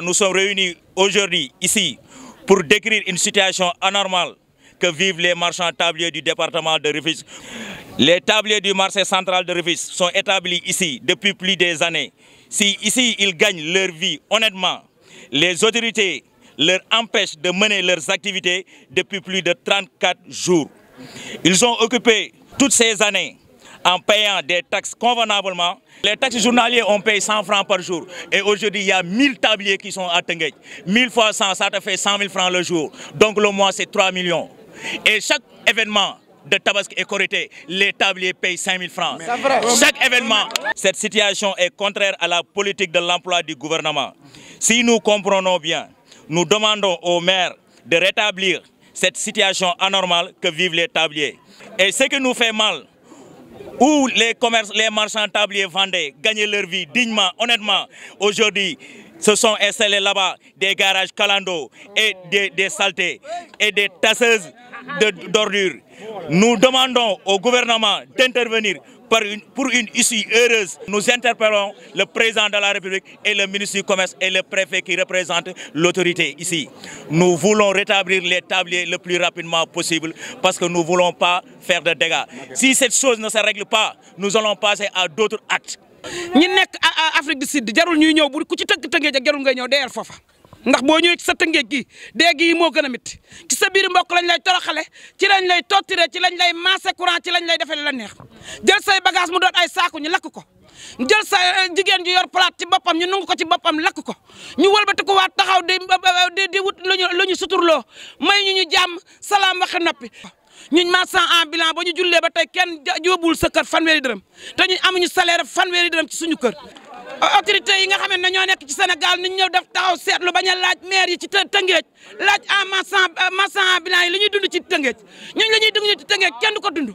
nous sommes réunis aujourd'hui ici pour décrire une situation anormale que vivent les marchands tabliers du département de Rivis. Les tabliers du marché central de Rivis sont établis ici depuis plus des années. Si ici ils gagnent leur vie honnêtement, les autorités leur empêchent de mener leurs activités depuis plus de 34 jours. Ils ont occupé toutes ces années en payant des taxes convenablement. Les taxes journalières, on paye 100 francs par jour. Et aujourd'hui, il y a 1000 tabliers qui sont à Mille 1000 fois 100, ça te fait 100 000 francs le jour. Donc le mois, c'est 3 millions. Et chaque événement de tabasque et Corité, les tabliers payent 5 francs. Chaque événement. Cette situation est contraire à la politique de l'emploi du gouvernement. Si nous comprenons bien, nous demandons au maire de rétablir cette situation anormale que vivent les tabliers. Et ce qui nous fait mal, où les commerces, les marchands tabliers vendaient, gagnaient leur vie dignement, honnêtement. Aujourd'hui, ce sont installés là-bas des garages calando et des, des saletés et des tasseuses d'ordures. Nous demandons au gouvernement d'intervenir une, pour une issue heureuse. Nous interpellons le président de la République et le ministre du Commerce et le préfet qui représente l'autorité ici. Nous voulons rétablir les tabliers le plus rapidement possible parce que nous ne voulons pas faire de dégâts. Si cette chose ne se règle pas, nous allons passer à d'autres actes. nous sommes en Afrique du Sud, nous sommes en Afrique du Sud, ndax boo ñëwee ci sa tëngeej gi dee gi moo gën ci sa biir mbokk lañ lay toroxale ci lañ lay tottire ci lañ lay maase courant ci lañ lay defee la neex jël say bagage mu doon ay saaku ñu lakk ko jël sa euh, jigéen ji yor palaat ci boppam ñu nungu ko ci boppam lakk ko ñu wëlbati ko waat taxaw di di di wut lu ñu lu ñu suturloo may ñu ñu jàmm salaam waxe noppi ñuñ ma sans ambulant ba ñu jullee ba tey kenn jóobul sa kër fanweeri dërëm te ñu amuñu salaire fanweeri dërëm ci suñu kër autorité yi nga xam ne ñoo nekk ci Sénégal ñu ñëw def taxaw seetlu laaj maire yi ci Tëngéej laaj en marchand euh, marchand ambulant yi li ñuy dund ci Tëngéej ñun la ñuy dund ci Tëngéej kenn du ko dund.